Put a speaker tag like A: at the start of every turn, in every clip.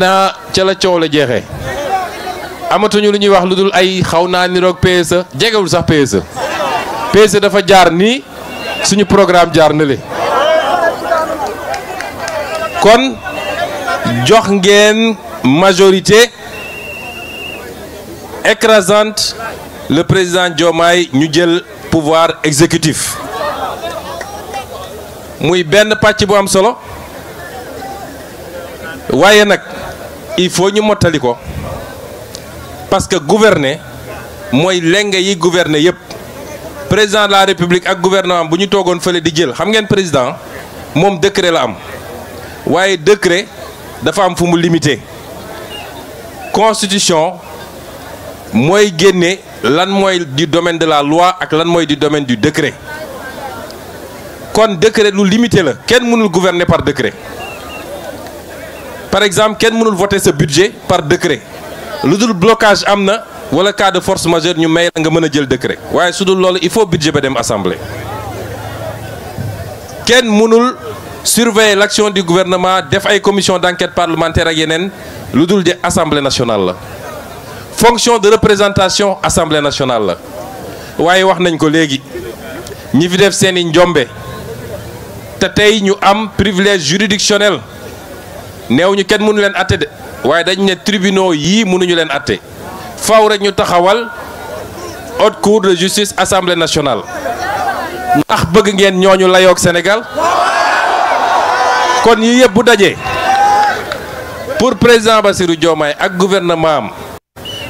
A: naa ca la coow la jeexee amatuñu lu ñuy wax lu dul ay xaw naa niroog PSE jegewul sax ps PSE e dafa jaar nii suñu programme jaar na le kon jox ngeen majorité écrasante le président Diomaye ñu jël pouvoir exécutif muy benn pàcc bu am solo waaye nag il faut ñu mottali ko parce que gouverner mooy leng yi gouverner yépp président la république ak gouvernement bu ñu toogoon fale di jël xam ngeen président moom décret la am waaye décret dafa am fu mu limité constitution mooy génne lan mooy du domaine de la loi ak lan mooy du domaine du décret kon décret lu limité la kenn mënul gouverner par décret par exemple kenn mënul voter sa budget par décret lu dul blocage am na wala cas de force majeure ñu may nga mën a jël décret waaye su dul loolu il faut budget ba dem assemblée kenn mënul surveiller l'action du gouvernement def ay commission d'enquête parlementaire ak yeneen lu dul de assemblée nationale la fonction de représentation assemblée nationale la waaye wax nañ ko léegi ñi fi def seeni njombe te tey ñu am privilège juridictionnel neew ñu kenn mënu leen atte de waaye dañu ne tribunaux yii mënuñu leen atte faw rek ñu taxawal haute cour de justice assemblée nationale ndax bëgg ngeen ñooñu layoog Sénégal kon yi yëpp bu dajee pour président Bassirou Diomaye ak gouvernement am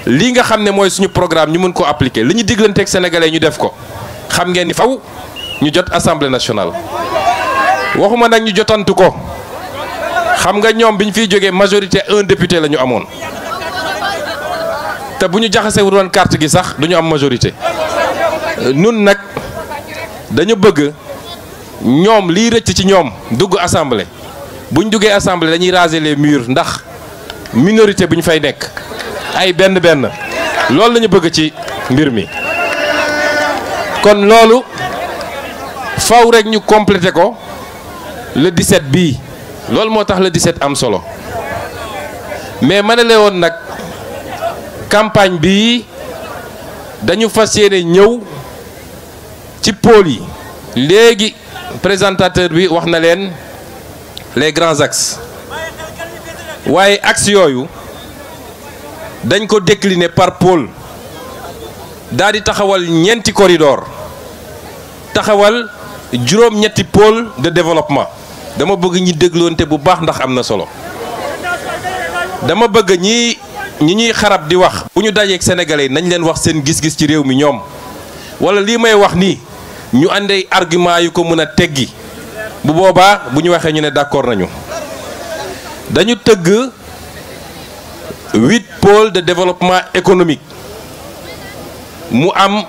A: lii nga xam ne mooy suñu programme ñu mën ko appliquer li ñu diglanteeg sénégalais ñu def ko xam ngeen ni faw ñu jot assemblée nationale waxuma nag ñu jotantu ko xam nga ñoom bi ñu fiy jógee majorité un député la ñu amoon te bu ñu jaxasewul woon carte gi sax du ñu am majorité nun nag dañu bëgg ñoom liy rëcc ci ñoom dugg assemblée bu ñu duggee assemblée dañuy raser les murs ndax minorité bi ñu fay nekk ay benn benn loolu la bëgg ci mbir mi kon loolu faw rek ñu complété ko le 17 bii. loolu moo tax la di 17 am solo mais ma ne la woon nag campagne bi dañu fas yéene ñëw ci pôle yi léegi présentateur bi wax na leen les grands axes waaye axes yooyu dañ ko décliner par pôle daal di taxawal ñeenti corridor taxawal juróom-ñetti pôle de développement dama bëgg ñi dégloonte bu baax ndax am na solo dama bëgg ñi ñi ñuy xarab di wax bu ñu dajeeg sénégalais nañ leen wax seen gis-gis ci réew mi ñoom wala lii may wax ni ñu àndee argument yu ko mën a teggi bu boobaa bu ñu waxee ñu ne d'accord nañu dañu tëgg huit pôles de développement économique mu am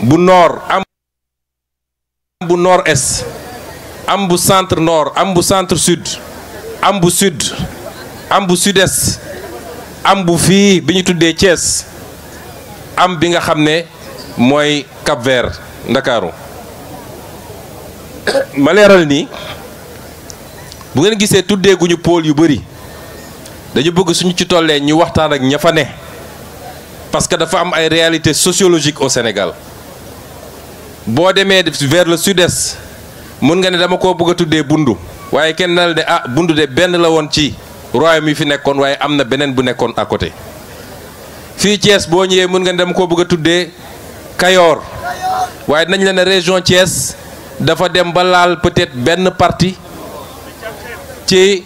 A: bu noor am bu noor est am bu centre nord am bu centre sud am bu sud am bu sud am bu fii bi ñu tuddee Thiès am bi nga xam ne mooy Cap-Vert Ndakaaru ma nii bu ngeen gisee tuddee guñu pool yu bëri dañu bëgg suñu ci tollee ñu waxtaan ak ña fa ne parce que dafa am ay réalités sociologique au Sénégal boo demee vers le sud mun nga ne dama ko bëgg a tuddee bundu waaye kenn dal de ah bundu de benn la woon ci royaume yi fi nekkoon waaye am na beneen bu nekkoon à côté fii Thiès boo ñëwee mun nga ne dama koo bëgg a tuddee Kayoor waaye nañ la ne région Thiès dafa dem ba laal peut-être benn parti ci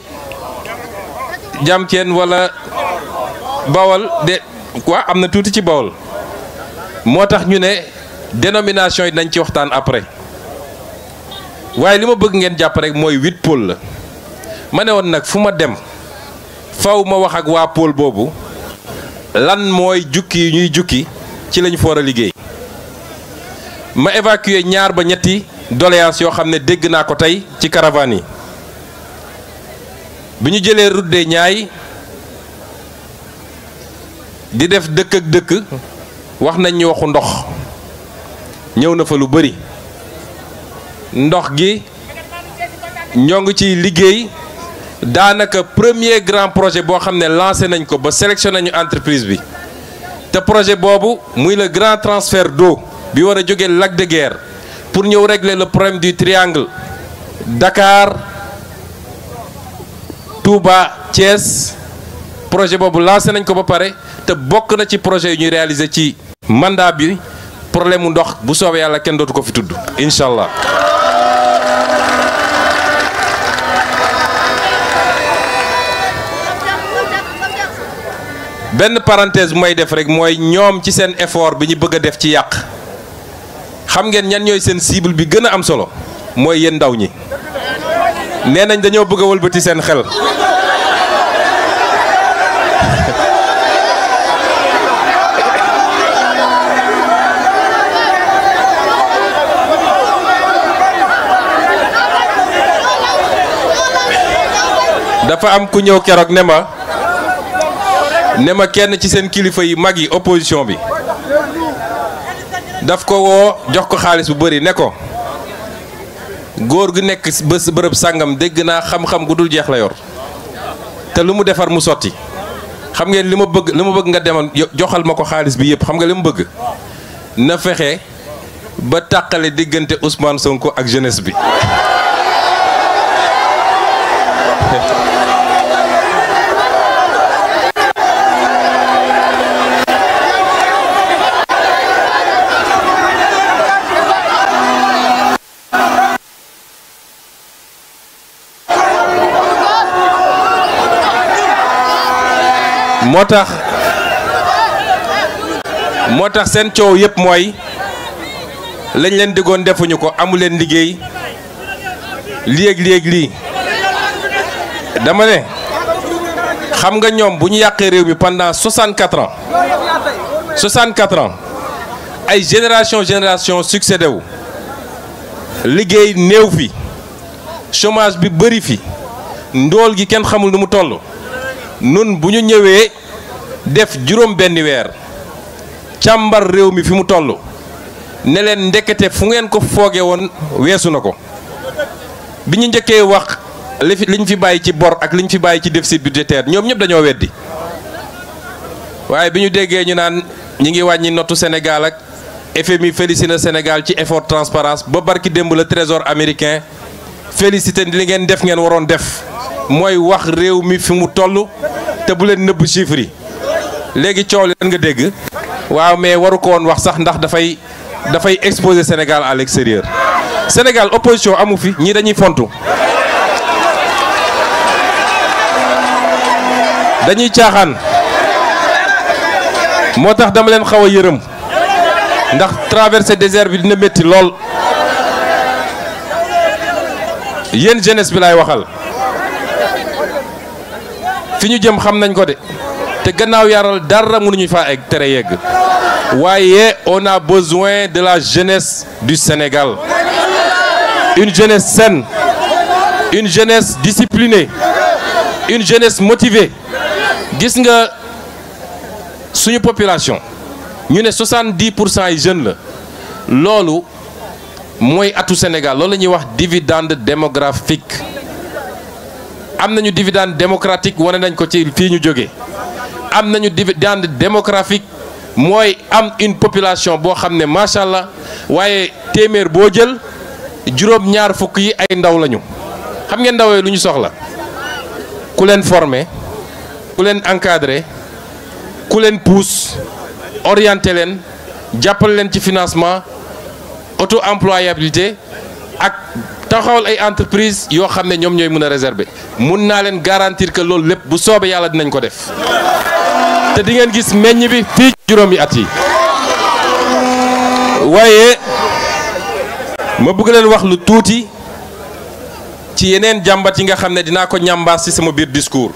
A: Jamceen wala Bawol de quoi am na tuuti ci Bawol moo tax ñu ne dénomination yi nañ ci waxtaan après. waaye li ma bëgg ngeen jàpp rek mooy huit pôle la ma ne woon nag fu ma dem faw ma wax ak waa pol boobu lan mooy jukki yu ñuy jukki ci lañu foor a liggéey ma évacuer ñaar ba ñetti doléance yoo xam ne dégg naa ko tey ci caravane yi bi ñu jëlee route des Niayes di def dëkk ak dëkk wax nañ ñu waxu ndox ñëw na fa lu bari ndox gi ñoo ngi ciy liggéey daanaka premier grand projet boo xam ne lancé nañ ko ba sélectionné nañu entreprise bi te projet boobu muy le grand transfert d'eau bi war a jógee lac de Guiers pour ñëw régler la problème du triangle Dakar Touba Thiès projet boobu lancé nañ ko ba pare te bokk na ci projet yu ñuy réaliser ci mandat bi problème mu ndox bu soobee yàlla kenn dootu ko fi tudd incha allah. benn parenthèse bu def rek mooy ñoom ci seen effort bi ñu bëgg a def ci yàq xam ngeen ñan ñooy seen cible bi gën a am solo mooy yéen ndaw ñi nee nañ dañoo bëgg a wëlbati seen xel. dafa am ku ñëw keroog ne ma. ne ma kenn ci seen kilifa yi mag yi opposition bi daf ko woo jox ko xaalis bu bëri ne ko góor gu nekk bés bërëb sàngam dégg naa xam-xam gu dul jeex la yor te lu mu defar mu sotti xam ngeen li ma bëgg li ma bëgg nga demal joxal ma ko xaalis bi yëpp xam nga li ma bëgg na fexe ba tàqale diggante Ousmane Sonko ak jeunesse bi. moo tax moo tax seen coow yëpp mooy lañ leen diggoon defuñu ko amu leen liggéey léeg-léeg lii dama ne xam nga ñoom bu ñu yàqee réew mi pendant 64 ans 64 ans ay génération génération succédé liggéey néew fi chômage bi bëri fi ndóol gi kenn xamul nu mu toll nun bu ñu ñëwee def juróom benni weer càmbar réew mi fi mu toll ne leen ndekete fu ngeen ko fooge woon weesu na ko bi ñu njëkkee wax li liñ fi bàyyi ci bor ak liñ fi bàyyi ci déficit budgétaire ñoom ñëpp dañoo weddi waaye bi ñu déggee ñu naan ñi ngi wàññi notu Sénégal ak FMI félicité na Sénégal ci effort transparence ba barki démb la trésor américain félicité li ngeen def ngeen waroon def mooy wax réew mi fi mu toll te bu leen nëbb chiffres léegi coow li lan nga dégg waaw mais waru ko woon wax sax ndax dafay dafay exposer Sénégal à l'extérieur Sénégal opposition amu fi ñii dañuy fontu dañuy caaxaan moo tax dama leen xaw a yërëm ndax traversé désert bi dina métti lool yéen jeunesse bi laay waxal fi ñu jëm xam nañ ko de te gannaaw yaral dara mënuñu faa egg tere yegg waaye on a besoin de la jeunesse du Sénégal une jeunesse saine une jeunesse disciplinée une jeunesse motivée gis nga suñu population ñu ne 70 pour cent jeunes la loolu mooy atu Sénégal loolu la ñuy wax dividende démographique am nañu dividende démocratique wane nañ ko ci fii ñu jógee am nañu dividende démographique mooy am une population boo xam ne macha allah waaye téeméer boo jël juróom ñaar fukk yi ay ndaw lañu xam ngeen ndaw yi lu ñu soxla ku leen former ku leen encadrer ku leen pousse orienter leen jàppale leen ci financement auto employabilité ak. taxawal ay entreprise yoo xam ne ñoom ñooy mën a réserver mun naa leen garantir que loolu lépp bu soobee yàlla dinañ ko def te di ngeen gis meññ bi fii juróomi at yi waaye ma bëgg leen wax lu tuuti ci yeneen jàmbat yi nga xam ne dinaa ko ñambaas ci sama biir discours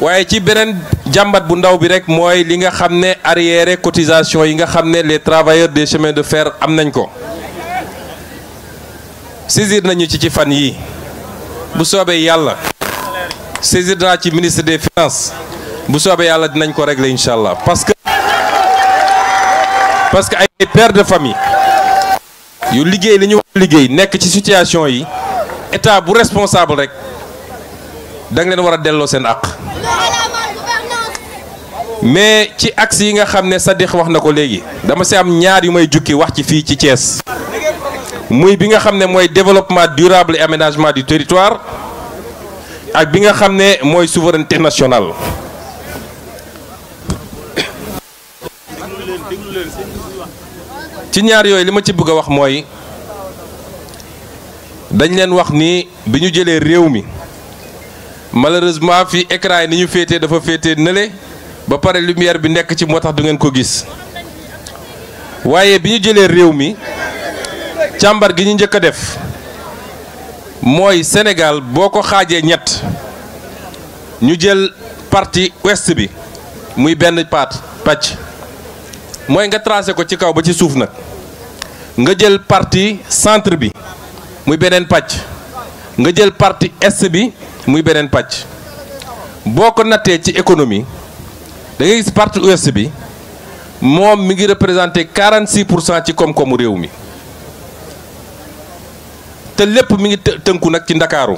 A: waaye ci beneen jàmbat bu ndaw bi rek mooy li nga xam ne arriéré cotisation yi nga xam ne les travailleurs des chemins de fer am nañ ko. saisir nañu ci ci fan yi bu soobee yàlla saisir naa ci ministre des finances bu soobee yàlla dinañ ko régler incha allah parce que parce que ay pères de famille yu liggéey li ñu liggéey nekk ci situation yi état bu responsable rek da leen war a delloo seen àq mais ci axe yi nga xam ne Sadikh wax na ko léegi dama si am ñaar yu may jukki wax ci fii ci Thiès. muy bi nga xam ne mooy développement durable et aménagement du territoire ak bi nga xam ne mooy souveraineté nationale. ci ñaar yooyu li ma ci bëgg a wax mooy dañ leen wax ni bi ñu jëlee réew mi malheureusement fi écran yi ni ñu féetee dafa féete nële ba pare lumière bi nekk ci moo tax du ngeen ko gis waaye bi ñu jëlee réew mi. càmbar gi ñu njëkk a def mooy Sénégal boo ko xaajee ñett ñu jël parti ouest bi muy benn paat pàcc mooy nga tracé ko ci kaw ba ci suuf nag nga jël parti centre bi muy beneen pàcc nga jël parti est bi muy beneen pàcc boo ko nattee ci économie da ngay gis partie ouest bi moom mi ngi représenté 46 pour cent ci koom-koomu réew mi. te lépp mi ngi tënku nag ci ndakaaru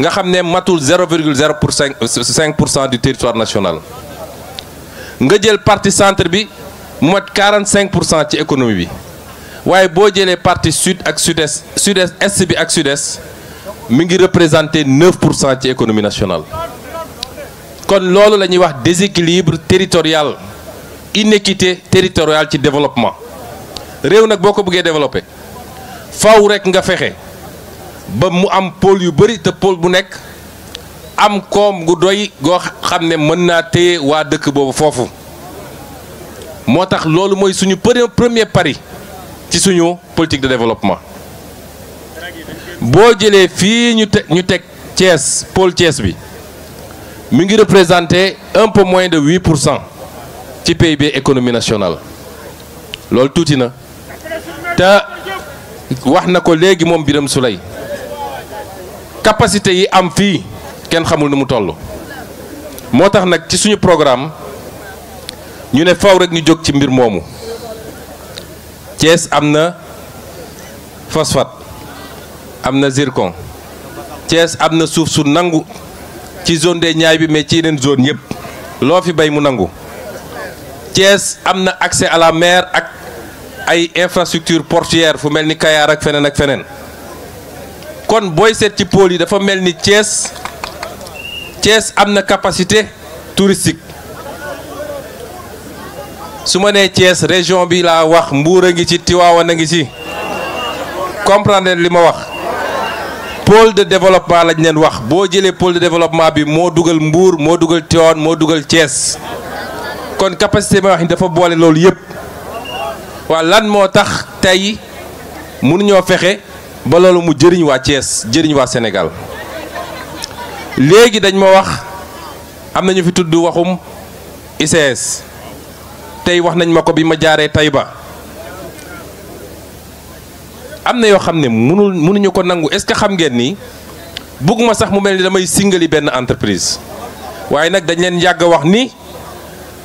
A: nga xam ne matul 0,0 pour cinq cinq pour cent du territoire national nga jël parti centre bi mot 45 pour cent ci économie bi waaye boo jëlee partie sud ak sud-est sud-est bi ak sud-est mi ngi représenté 9 pour cent ci économie nationale. kon loolu la ñuy wax déséquilibre territorial inéquité territoriale ci développement réew nag boo ko buggee développé. faw rekk nga fexe ba mu am pôle yu bëri te pôle bu nekk am koom gu doy goo xam ne mën naa téye waa dëkk boobu foofu moo tax loolu mooy suñu premier pari ci suñu politique de développement boo jëlee fii ñu teg ñu teg Thiès bi mu ngi représenté un peu moins de huit pour cent ci PIB économie nationale loolu tuuti na wax na ko léegi moom Birame Souleye capacité yi am fii kenn xamul nu mu toll moo tax nag ci suñu programme ñu ne faw rek ñu jóg ci mbir moomu Thiès am na phosphate am na zircon Thiès am na suuf su nangu ci zone des ñaay bi mais ci yeneen zone yëpp loo fi bay mu nangu Thiès am na accès à la mer ak ay infrastructure portière fu mel ni Kayar ak feneen ak feneen kon booy seet ci pôle yi dafa mel ni Thiès Thiès am na capacité touristique su ma nee Thiès région bi laa wax mbuur a ngi ci tiwaawan a ngi ci comprendre li ma wax pôle de développement lañ leen wax boo jëlee pôle de développement bi moo dugal mbuur moo dugal Tivaouane moo dugal Thiès kon capacité ma wax ni dafa boole loolu yëpp. waa lan moo tax tey mënuñoo fexe ba loolu mu jëriñ waa Thiès jëriñ waa Sénégal léegi dañ ma wax am nañu fi tudd waxum ICS tey wax nañ ma ko bi ma jaaree ba am na yoo xam ne mënul mënuñu ko nangu est-ce que xam ngeen nii bëgguma sax mu mel ni damay singali benn entreprise waaye nag dañ leen yàgg wax ni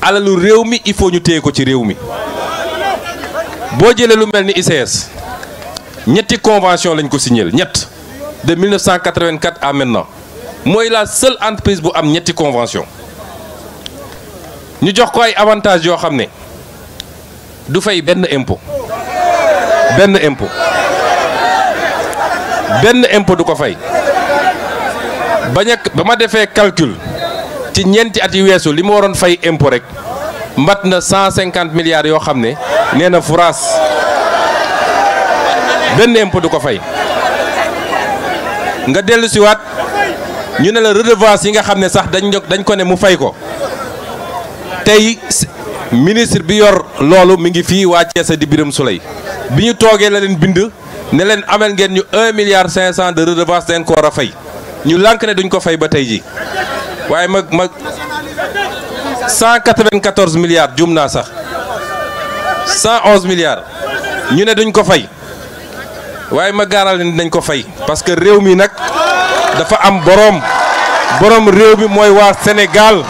A: alalu réew mi il faut ñu téye ko ci réew mi boo jëlee lu mel ni ICS ñetti convention lañ ko signé ñett de 1984 à maintenant mooy la seule entreprise bu am ñetti convention ñu jox ko ay avantages yoo xam ne du fay benn impo benn impôt benn impôt du ko fay bañ a ba ma defee calcul ci ñeenti at yu weesu li ma waroon fay impôt rek. mat na 150 milliards yoo xam ne nee na France benn impôt du ko fay nga dellu si waat ñu ne la redevance yi nga xam ne sax dañ dañ ko ne mu fay ko tey ministre bi yor loolu mu ngi fii waa Ceesa di Birame Souleye bi ñu toogee la leen bind ne leen ameel ngeen ñu un milliard cinq cent de redevance dañ war a fay ñu lànk ne duñ ko fay ba tey ji waaye mag mag 194 milliards jum naa sax 111 milliards ñu ne duñ ko fay waaye ma gaaral leen dañ ko fay parce que réew mi nag dafa am boroom boroom réew mi mooy waa Sénégal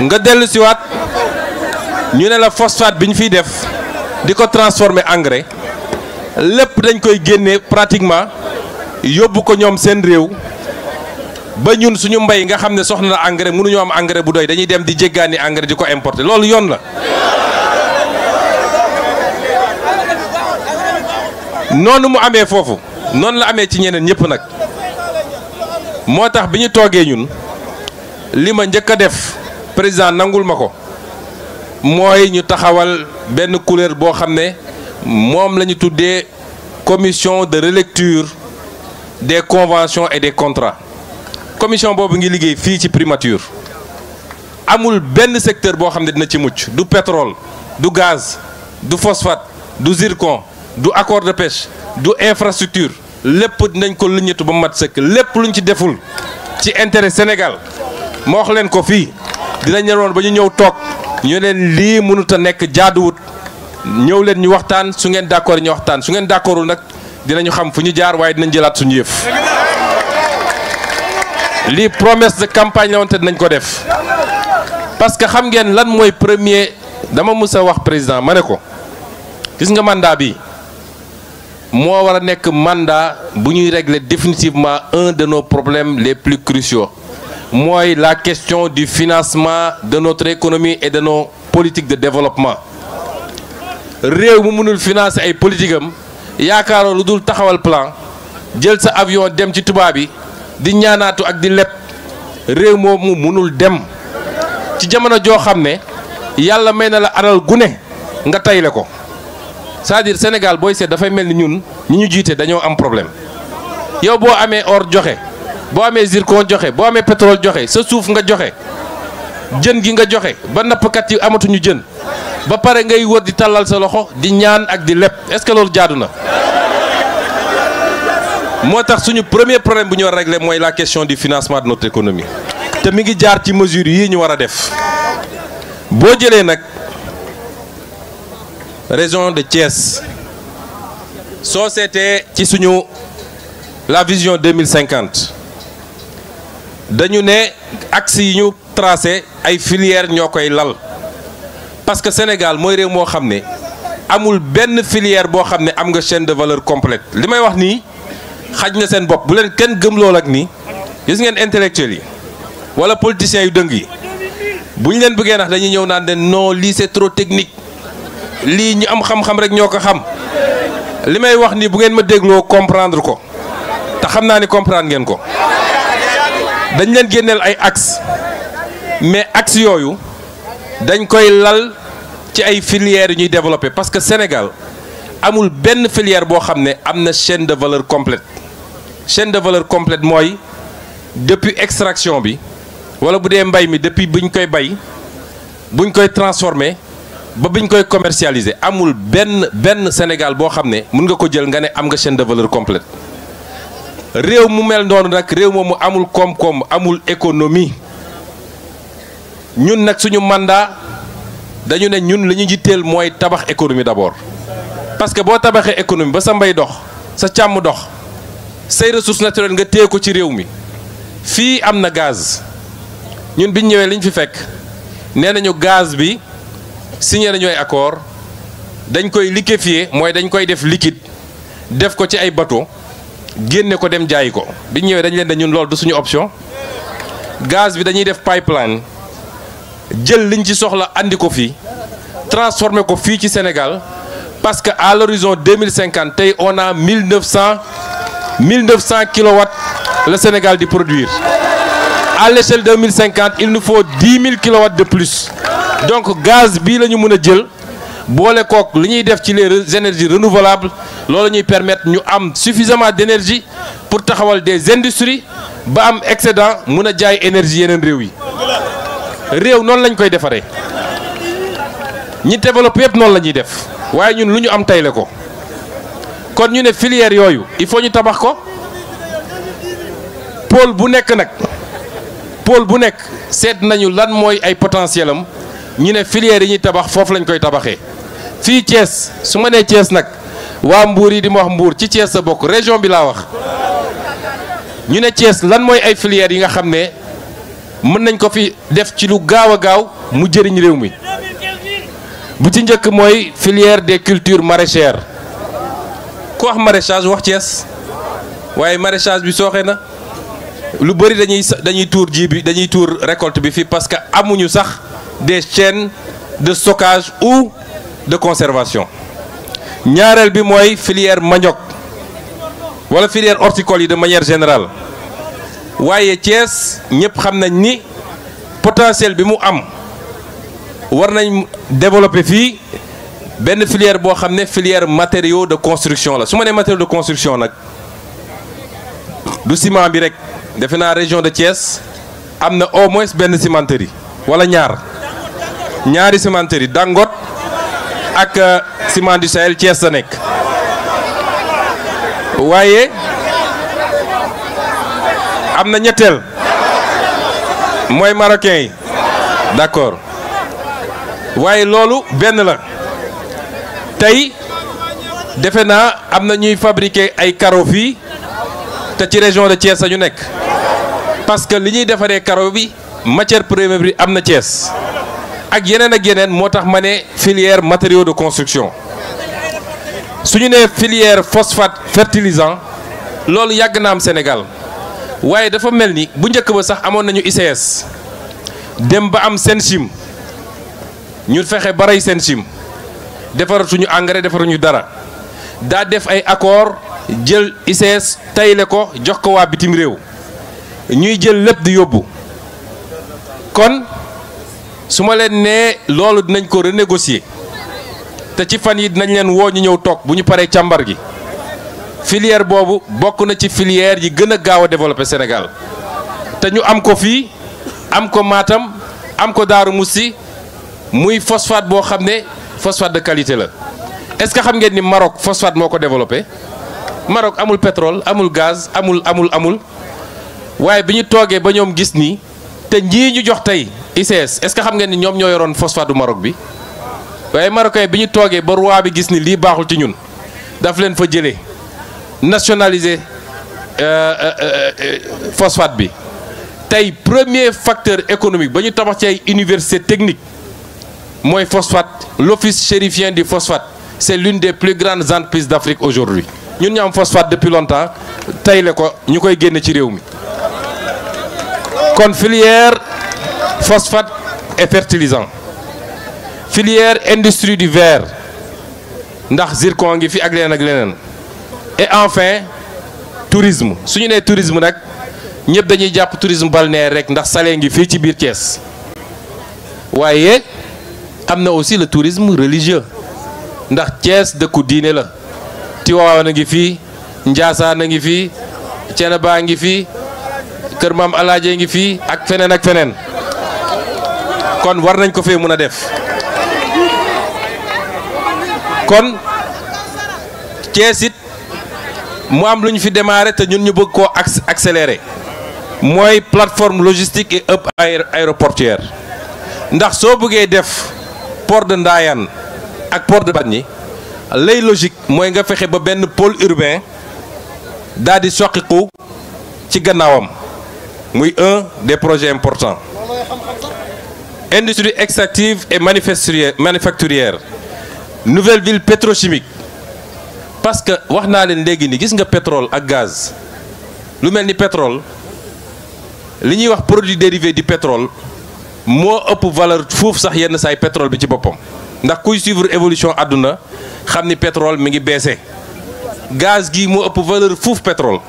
A: nga dellu siwaat ñu ne la phosphate bi ñu fiy def di ko transformer engrais lépp dañ koy génne pratiquement yóbbu ko ñoom seen réew ba ñun suñu mbay nga xam ne soxna na engrais mënuñu am engrais bu doy dañuy dem di jéggaani engrais di ko importer loolu yoon la noonu mu amee foofu noonu la amee ci ñeneen ñëpp nag moo tax bi ñu toogee ñun li ma njëkk a def président nangul ma ko mooy ñu taxawal benn kuréel boo xam ne moom la ñu tuddee commission de relecture des conventions et des contrats commission boobu ngi liggéey fii ci primature amul benn secteur boo xam ne dina ci mucc du pétrole du gaz du phosphate du zircon du accord de pêche du infrastructure lépp dinañ ko luñetu ba mu mat sëkk lépp lu luñ ci deful ci intérêt Sénégal ma wax leen ko fii dinañ ne woon ba ñu ñëw toog ñu leen lii mënut a nekk jaaduwut ñëw leen ñu waxtaan su ngeen d'accord ñu waxtaan su ngeen d'accordul nag dinañu xam fu ñu jaar waaye dinañ jëlaat suñu yëf. lii promesse de campagne la te dinañ ko def parce que xam ngeen lan mooy premier dama mus a wax président ma ne ko gis nga mandat bi moo war a nekk mandat bu ñuy régler définitivement un de nos problèmes les plus cruciaux mooy la question du financement de notre économie et de nos politiques de développement réew mu mënul financer ay politique am lu dul taxawal plan jël sa avion dem ci tubaab yi di ñaanaatu ak di leb réew moomu mënul dem ci jamono joo xam ne yàlla may na la alal gune nga tayle ko cest à Sénégal booy seet dafay mel ni ñun ñi ñu jiite dañoo am problème yow boo amee or joxe boo amee zircon joxe boo amee pétrole joxe sa suuf nga joxe jën gi nga joxe ba nappkat yi amatuñu jën ba pare ngay wër di tàllal sa loxo di ñaan ak di leb est-ce que loolu jaadu na. moo tax suñu premier problème bu ñu war a régler mooy la question du financement de notre économie te mi ngi jaar ci mesures yi ñu war a def boo jëlee nag région de Thiès soo seetee ci suñu la vision 2050 dañu ne axe yi ñu tracé ay filières ñoo koy lal parce que Sénégal mooy réew moo xam ne amul benn filière boo xam ne am nga chaine de valeur complète li may wax nii xaj na seen bopp bu leen kenn gëm lool ak ni gis ngeen intellectuel yi wala politiciens yu dëng yi bu ñu leen bëggee nax dañuy ñëw naan leen noo lii c'est trop technique lii ñu am xam-xam rek ñoo ko xam li may wax nii bu ngeen ma dégloo comprendre ko te xam naa ni comprendre ngeen ko dañ leen génneel ay axe mais axe yooyu dañ koy lal ci ay filières yu ñuy développer parce que Sénégal amul benn filière boo xam ne am na chaîne de valeur complète chaîne de valeur complète mooy depuis extraction bi wala bu dee mbay mi depuis bu ñu koy bay buñ koy transformer ba bi koy commercialiser amul benn benn Sénégal boo xam ne mun nga ko jël nga ne am nga chaîne de valeur complète réew mu mel noonu nag réew moomu amul koom-koom amul économie ñun nag suñu mandat dañu ne ñun li ñu jitteel mooy tabax économie d'abord parce que boo tabaxee économie ba sa mbay dox sa càmm dox say ressources naturelles nga téye ko ci réew mi fii am na gaz ñun biñ ñëwee liñ fi fekk nee nañu gaz bi signé nañu ay dañ koy liquéfier mooy dañ koy def liquide def ko ci ay bateau génne ko dem jaay ko biñ ñëwee dañ leen ne ñun loolu du suñu option gaz bi dañuy def pipeline jël liñ ci soxla indi ko fii transformer ko fii ci senegal parce que à l'horizon 2050 tey on a 1900 1900 kilowatts le Sénégal di produire à l'échelle 2050 il nous faut 10 000 kilowatts de plus donc gaz bii la ñu mën a jël boole kook li ñuy def ci les énergies renouvelables loolu ñuy permettre ñu am suffisament d'énergie pour taxawal des industries ba am excédent mën a jaay énergie yeneen réew yi réew noonu lañ koy defaree ñi développé yëpp noonu la ñuy def waaye ñun lu ñu am tay ko. kon ñu ne filière yooyu il faut ñu tabax ko pôle bu nekk nag pôle bu nekk seet nañu lan mooy ay potentiel am ñu ne filière yi ñuy tabax foofu lañ koy tabaxee fii Thiès su ma nee Thiès nag waa Mbour yi di ma wax Mbour ci Thiès sa bokk région bi laa wax ñu ne Thiès lan mooy ay filières yi nga xam ne mën nañ ko fi def ci lu gaaw a gaaw mu jëriñ réew mi bu ci njëkk mooy filière des cultures maraîchères ku wax maraîchage wax Thiès waaye maraîchage bi sooxe na lu bëri dañuy dañuy tuur ji bi dañuy tour récolte bi fii parce que amuñu sax des chaines de stockage ou de conservation ñaareel bi mooy filière manioc wala filière horticole yi de manière générale waaye Thiès ñëpp xam nañ ni potentiel bi mu am war nañ développer fii benn filière boo xam ne filière matériaux de construction la su ma nee matériaux de construction nag du ciment bi rek defe naa région de Thiès am na au moins benn cimenterie wala ñaar ñaari cimenterie Dangote ak euh, Ciment du Sahel Thiès la nekk waaye am na ñetteel mooy marocain yi d'accord waaye loolu benn la. tey defe naa am na ñuy fabriquer ay carreaux fii te ci région de Thiès ñu nekk parce que li ñuy defaree carreau bi matière première bi am na Thiès ak yeneen ak yeneen moo tax ma ne filière matériaux de construction suñu ñu nee filière phosphate fertilisant loolu yàgg na am Sénégal waaye dafa mel ni bu njëkk ba sax amoon nañu ICS dém ba am seen Senchim ñu fexe ba rey Senchim defaratuñu engrais defaruñu dara daa def ay accord jël ICS tayle ko jox ko waa bitim réew ñuy jël lépp di yóbbu kon su ma leen nee loolu dinañ ko renégocier te ci fan yi dinañ leen woo ñu ñëw toog bu ñu paree càmbar gi filière boobu bokk na ci filière yi gën a gaaw a développé Sénégal te ñu am ko fii am ko Matam am ko Daaru Musti muy phosphate boo xam ne phosphate de qualité la est-ce que xam ngeen ni Maroc phosphate moo ko développé Maroc amul pétrole amul gaz amul amul amul waaye bi ñu toogee ba ñoom gis nii te ñii ñu jox tey ICS est-ce que xam ngeen ni ñoom ñoo yoroon phosphate bi waaye marocain bi ñu toogee ba roi bi gis ni lii baaxul ci ñun daf leen fa jëlee nationaliser euh, euh, euh, phosphate bi tey premier facteur économique ba ñu tabax ci ay université technique mooy phosphate l'office chérifien du phosphate c'est l'une des plus grandes entreprises d'Afrique aujourd'hui ñun ñu am phosphate depuis longtemps tey la ko ñu koy génne ci réew mi kon filière phosphate et fertilisant filière industrie du verre ndax zircon ngi fi ak leneen ak leneen et enfin tourisme su ñu nee tourisme nag ñëpp dañuy jàpp tourisme balnéaire rek ndax salee ngi fii ci biir Thiès waaye am na aussi le tourisme religieux ndax cees dëkku diine la Tiwaawan a ngi fii Njaasaan a ngi fii Cenaba a ngi fii Kër Maam Alaaje ngi fii ak feneen ak feneen kon war nañ ko fee mën a def kon Thiès it mu am lu ñu fi démarré te ñun ñu bëgg koo accéléré mooy plateforme logistique et hub aéroportuaire ndax soo bëggee def port de Ndayane ak port de Bargny lay logique mooy nga fexe ba benn pôle urbain daal di soqiku ci gannaawam muy un des projets importants industrie extractive et manufacturière nouvelle ville pétrochimique parce que wax naa leen léegi ni gis nga pétrole ak gaz lu mel ni pétrole li ñuy wax produit dérivé du pétrole moo ëpp valeur fuuf sax yenn saay pétrole bi ci boppam ndax kuy suivre évolution àdduna xam ni pétrole mi ngi beese gaz gi moo ëpp valeur fuuf pétrole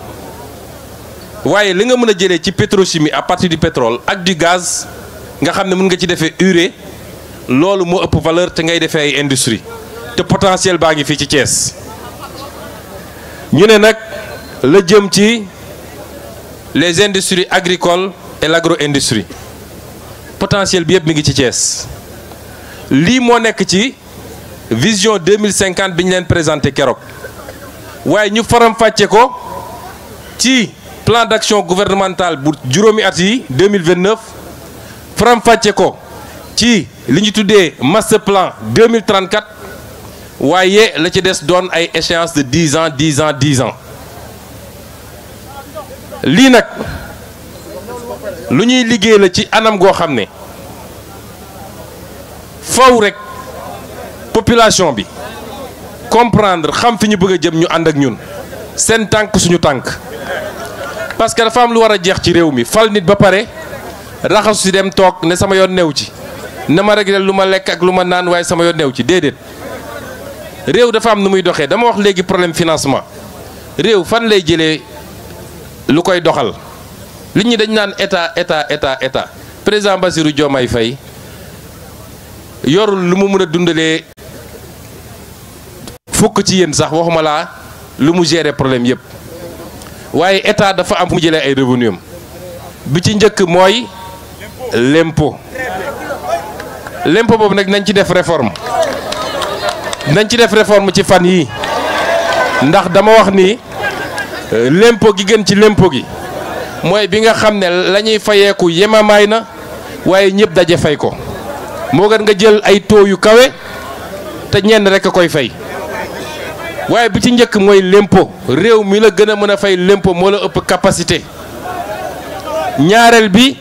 A: waaye li nga mën a jëlee ci pétrochimie à partir du pétrole ak du gaz nga xam ne mën nga ci defee ure loolu moo ëpp valeur te ngay defee ay industrie te potentiel baa ngi fii ci Thiès ñu ne nag la jëm ci les industries agricoles et l'agro-industrie potentiel bi yëpp mi ngi ci Thiès lii moo nekk ci vision 2050 bi ñu leen présenté keroog waaye ñu faram-fàcce ko ci plan d'action gouvernemental bu juróomi at yi 2029 faram-fàcce ko ci li ñu tuddee master plan 2034 waaye la ci des doon ay échéance de 10 ans 10 ans 10 ans lii nag lu ñuy liggéey la ci anam goo xam ne faw rek population bi comprendre xam fi ñu bëgg a jëm ñu ànd ak ñun seen tànk suñu tànk parce que dafa am lu war a jeex ci réew mi fal nit ba pare raxasu si dem toog ne sama yoon new ci na ma réglé lu ma lekk ak lu ma naan waaye sama yoon new ci déedéet réew dafa am nu muy doxee dama wax léegi problème financement réew fan lay jëlee lu koy doxal li ñi dañ naan état état état état président Bassirou joomay fay yorul lu mu mën a dundalee fukk ci yéen sax waxuma laa lu mu gérer problème yépp waaye état dafa am fu jëlee ay revenu am bi ci njëkk mooy lempo l'impôt boobu nag nañ ci def réforme nañ ci def réforme ci fan yi ndax dama wax ni euh, lempo gi gën ci lempo gi mooy bi nga xam ne la ñuy fayeeku yemamaay na waaye ñëpp daje fay ko moo gën nga jël ay taux yu kawe te ñenn rek a koy fay waaye bi ci njëkk mooy l'impôt réew mi la gën a mën a fay l'impôt moo la ëpp capacité ñaareel bi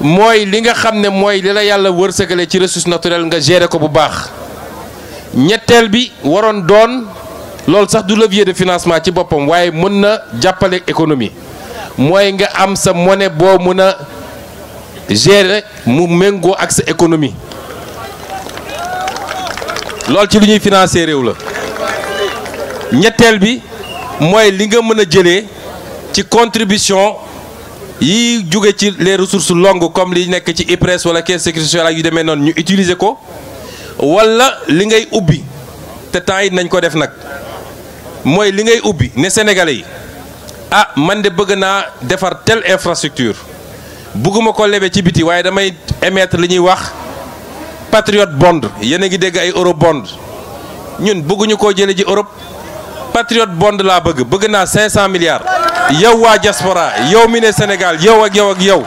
A: mooy li nga xam ne mooy li la yàlla wërsëgale ci ressource naturelle nga gérer ko bu baax ñetteel bi waroon doon loolu sax du levier de financement ci boppam waaye mën na jàppale économie mooy nga am sa monnaie boo mun a gérer mu méngoo ak sa économie loolu ci lu ñuy financer réew la ñetteel bi mooy li nga mën a jëlee ci contribution yi jóge ci les ressources longues comme li nekk ci IPRES wala caisse sécurité sociale yu demee noonu ñu utiliser ko walla li ngay ubbi te temps yi nañ ko def nag mooy li ngay ubbi ne sénégalais yi. ah man de bëgg naa defar telle infrastructure bëgguma ko lebe ci biti waaye damay émettre li ñuy wax patriote bond yéen a ngi dégg ay euro bond ñun bëgguñu koo jële ji Europe patriote bond laa bëgg bëgg naa 500 milliards yow waa diaspora yow mi ne Sénégal yow ak yow ak yow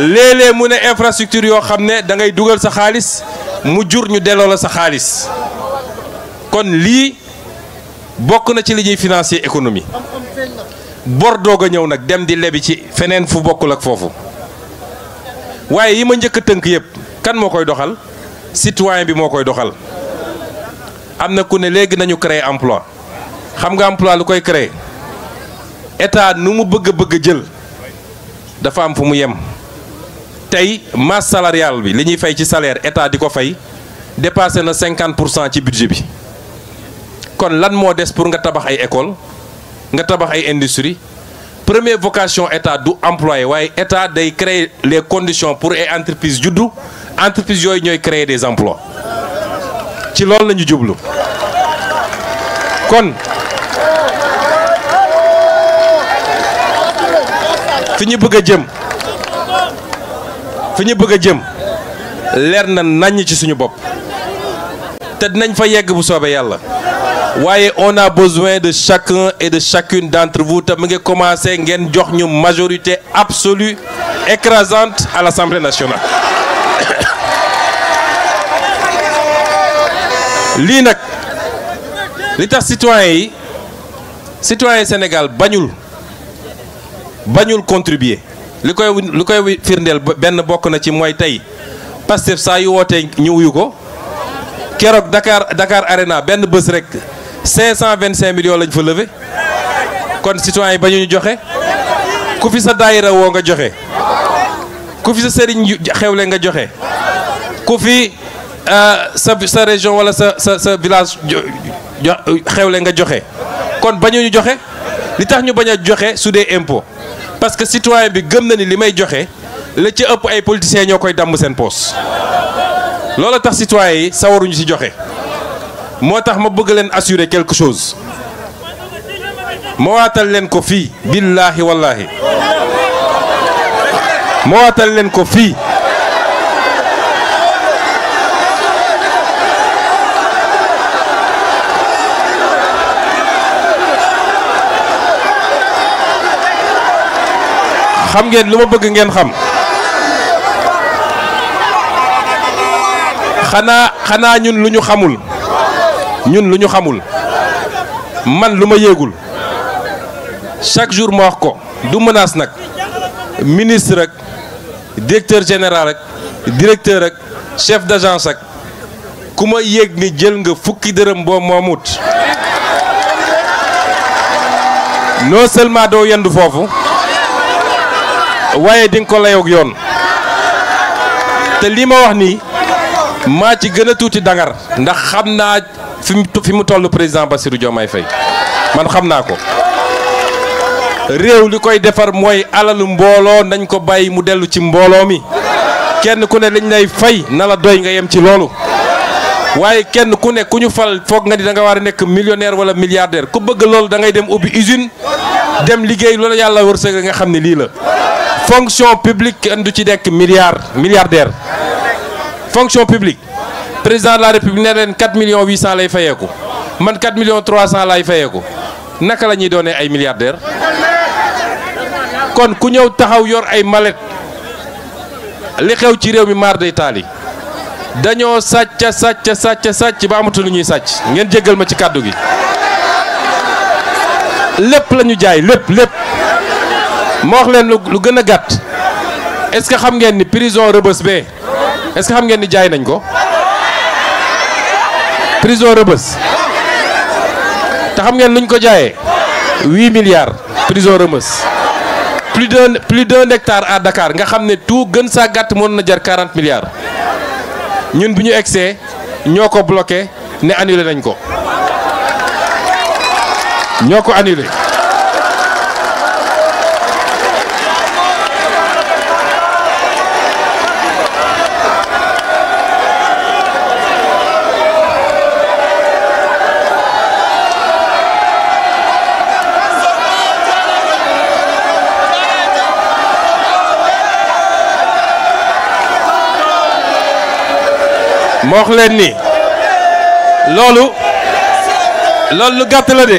A: léeg-léeg mu ne infrastructure yoo xam ne da ngay dugal sa xaalis mu jur ñu delloo la sa xaalis kon lii bokk na ci li ñuy financer économie bor doog a ñëw nag dem di lebi ci feneen fu bokkul ak foofu waaye yi ma njëkk a tënk yëpp kan moo koy doxal citoyen bi moo koy doxal am na ku ne léegi nañu créer emploi xam nga emploi lu koy créer état nu mu bëgg bëgg jël dafa am fu mu yem tey masse salariale bi li ñuy fay ci salaire état di ko fay dépassé na 50 pour cent ci budget bi. kon lan moo des pour nga tabax ay école nga tabax ay industrie premier vocation état du employé waaye état day créer les conditions pour ay entreprise juddu entreprise yooyu ñooy créer des emplois ci loolu lañu jublu kon fi ñu bëgg a jëm fi ñu bëgg a jëm leer na naññ ci suñu bopp te dinañ fa yegg bu soobee yàlla waaye on a besoin de chacun et de chacune d'entre vous te mu ngi commencé ngeen jox ñu majorité absolue écrasante à l'Assemblée nationale lii nag li tax citoyens yi citoyens Sénégal bañul bañul contribuer li koy firndeel benn bokk na ci mooy tey Pastef saa yu wootee ñu wuyu ko keroog Dakar Dakar Arena benn bës rek 525 millions lañ fa levé kon citoyen yi ba ñu joxe ku fi sa daayira woo nga joxe ku fi sa sëriñ xewle nga joxe ku fi euh, sa sa wala sa sa sa village xewle nga joxe kon bañu ñu joxe li tax ñu bañ a joxe su dee impôt parce que citoyen bi gëm na ni li may joxe la ci ëpp ay politiciens ñoo koy damm seen poos loola tax citoyen yi sawaruñu ci joxe. moo tax ma bëgg leen assurer quelque chose ma waatal leen ko fii billaahi wallaahi ma waatal leen ko fii xam ngeen lu ma bëgg ngeen xam xanaa xanaa lu ñu xamul ñun lu ñu xamul man lu ma yéegul chaque jour ma wax ko du mënaas nag ministre rek directeur général rek directeur rek chef d'agence ak ku ma yéeg ni jël nga fukki dërëm boo moomut non seulement doo yendu foofu waaye di ko layoog yoon te lii ma wax nii maa ci gën a tuuti dangar ndax xam naa fi mu fi mu toll président Bassirou Diomaye Faye man xam naa ko réew li koy defar mooy alalu mbooloo nañ ko bàyyi mu dellu ci mbooloo mi kenn ku ne lañ lay fay na la doy nga yem ci loolu waaye kenn ku ne ku ñu fal foog nga ni da nga war a nekk millionaire wala milliardaire ku bëgg loolu dangay dem ubbi usine dem liggéey loolu yàlla wërsëg nga xam ni lii la fonction publique kenn du ci nekk milliard milliardaire fonction publique. président de la république ne leen 4 millions 800 lay fayeeku man 4 millions 300 lay fayeeku naka la ñuy doonee ay milliardaires kon ku ñëw taxaw yor ay malet li xew ci réew mi maar day taali dañoo sàcc sàcc sàcc sàcc ba amatu ñuy sàcc ngeen jéggal ma ci kàddu gi lépp la ñu jaay lépp lépp moo wax leen lu gën a gàtt est-ce que xam ngeen ni prison Rebeuss bee est xam ngeen ni jaay nañ ko prison Rebeuss te xam ngeen luñ ko jaayee huit milliards prison Rebeuss plus d'un plus d'un hectare à dakaar nga xam ne tout gën saa gàtt mën na jar quarante milliards ñun bu ñu egsee ñoo ko bloqué ne annulé nañ ko ñoo ko annulé. ma wax leen ni loolu loolu lu gàtt la de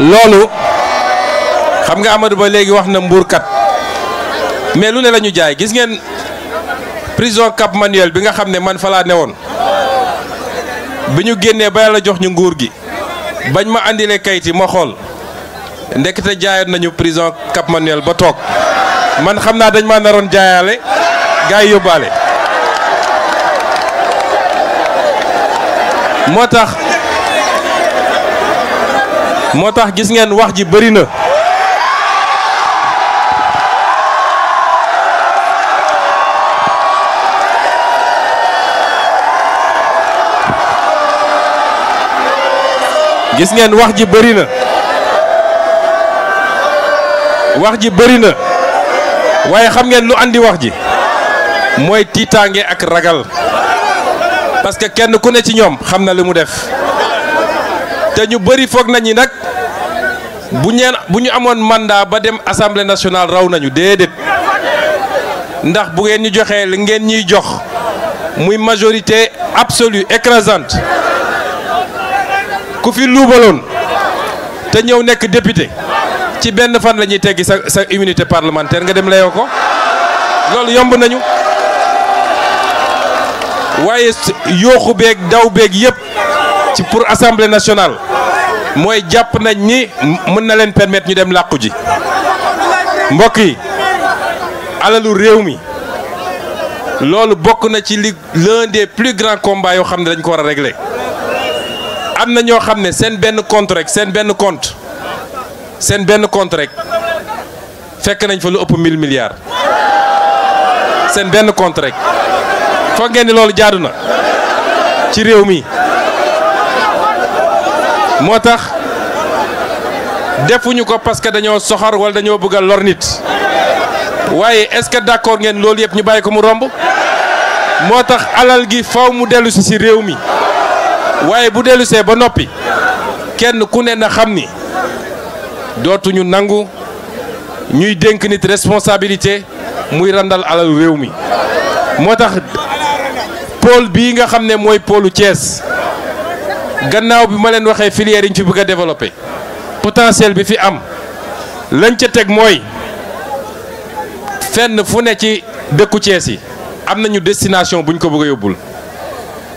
A: loolu xam nga Amadou Ba léegi wax na mbuurkat mais lu ne lañu jaay gis ngeen prison Cap Manuel bi nga xam ne man fa laa woon bi ñu génnee ba yàlla jox ñu nguur gi bañ ma andile kayit yi ma xool ndekete jaayoon nañu prison Cap Manuel ba toog man xam naa dañ ma naroon jaayaale gars yi yóbbaale moo tax. moo tax gis ngeen wax ji bari na gis ngeen wax ji bëri na wax ji bëri na waaye xam ngeen lu indi wax ji mooy tiitaange ak ragal parce que kenn ku ne ci ñoom xam na li mu def te ñu bëri foog nañu nag bu ñeen bu ñu amoon mandat ba dem assemblée nationale raw nañu déedéet ndax bu ngeen ñu joxee li ngeen ñuy jox muy majorité absolue écrasante ku fi luubaloon te ñëw nekk député ci benn fan la ñuy teggi sa sa immunité parlementaire nga dem layoo ko loolu yomb nañu waaye yooxu beeg daw beeg yépp ci pour assemblée nationale mooy jàpp nañ ni mën na leen permettre ñu dem làqu ji mbokk yi alalu réew mi loolu bokk na ci li l'un des plus grands combats yoo xam ne dañ ko war a réglé am na ñoo xam ne seen benn compte rek seen benn compte seen benn compte rek fekk nañ fa lu ëpp 1000 seen benn compte rek foog ngeen ni loolu jaadu na ci réew mi. moo tax defuñu ko parce que dañoo soxor wala dañoo bëgg a lor nit waaye est-ce que d'accord ngeen loolu yëpp ñu bàyyi ko mu romb moo tax alal gi faw mu dellu si si réew mi waaye bu dellu see ba noppi kenn ku ne na xam ni dootuñu nangu ñuy dénk nit responsabilité muy randal alal réew mi moo tax pôle bii nga xam ne mooy poolu cees gannaaw bi ma leen waxee filière yi ñu fi bëgg a développer potentiel bi fi am lañ ca teg mooy fenn fu ne ci dëkku Thiès yi am nañu destination bu ñu ko bëgg a yóbbul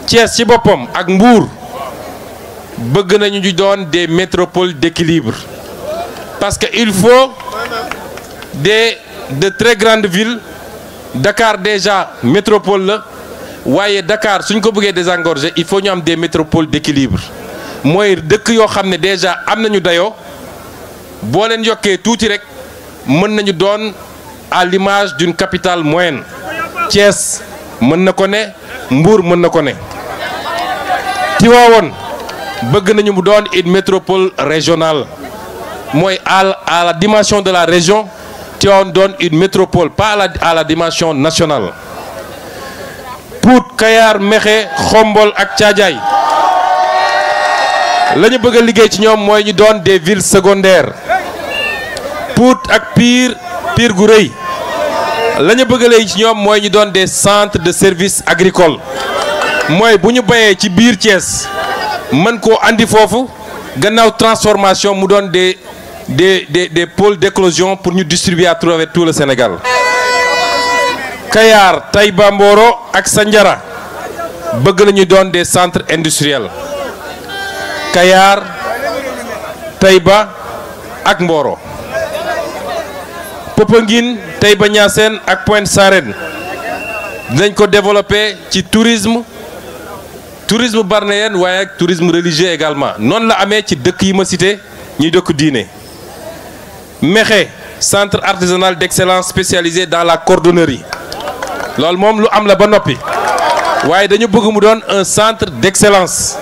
A: Thiès ci boppam ak Mbour bëgg nañu ñu doon des métropoles d'équilibre parce que il faut de de très grandes ville Dakar déjà métropole la. waaye Dakar suñ ko buggee des désengorger il faut ñu am des métropoles d'équilibre mooy dëkk yoo xam ne déjà am nañu dayoo boo leen yokkee tuuti rek mën nañu doon à l'image d'une capitale moyenne Thiès mën na ko ne Mbour mën na ko ne Tivaouane bëgg nañu mu doon une métropole régionale mooy à à la dimension de la région Tivaouane doon une métropole pas la à la dimension nationale Pout Kayar Mexe Xombol ak Caajaay la ñu bëgg liggéey ci ñoom mooy ñu doon des villes secondaires Pout ak Pire piir gu rëy la ñu bëgg a ci ñoom mooy ñu doon des centres de service agricole mooy bu ñu bayee ci biir Thiès mën ko indi foofu gannaaw transformation mu doon des des des des pôles d'éclosion pour ñu distribuer à travers tout le Sénégal. Kayar Taïba Mboro ak sa njara bëgg nañu doon des centres industriels Kayar Taïba ak Mboro Popenguine Taïba Niassène ak Pointe Sarène dinañ ko développe ci tourisme tourisme balnéaire waaye ak tourisme religieux également noonu la amee ci dëkk yi ma cité ñuy dëkk diine Mékhé centre artisanal d'excellence spécialisé dans la cordonnerie loolu moom lu am la ba noppi waaye dañu bëgg mu doon un centre d'excellence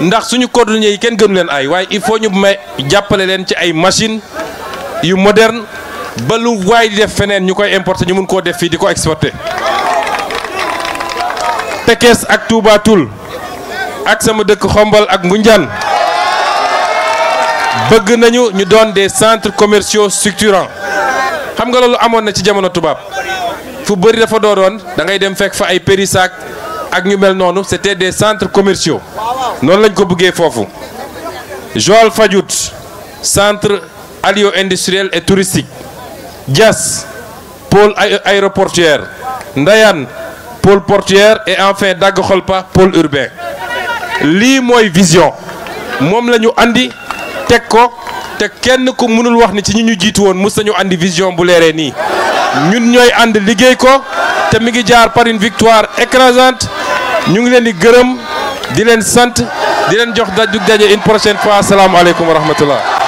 A: ndax suñu cordonniers yi kenn gënu leen ay waaye il faut ñu may jàppale leen ci ay machines yu moderne ba lu waay di def feneen ñu koy importer ñu mun koo def fii di ko exporter Tekes ak Touba Toul ak sama dëkk Xombal ak Ngunjaan bëgg nañu ñu doon des centres commerciaux structurants xam nga loolu amoon na ci jamono tubaab. fu bëri dafa doodoon da ngay dem fekk fa ay périsac ak ñu mel noonu c'était des centre commerciaux noonu lañ ko bëggee foofu Joal Fadiouth centre alio industriel et touristique Diass pôle aéroportuaire Ndayane pole portuaire et enfin Dagoxolpa pôle urbain lii mooy vision moom la ñu andi teg ko te kenn ku mënul wax ni ci ñi ñu jiitu woon mës nañu andi vision bu leeree nii ñun ñooy ànd liggéey ko te mi ngi jaar par une victoire écrasante ñu ngi leen di gërëm di leen sant di leen jox dajug daje une prochaine fois asalaamaaleykum wa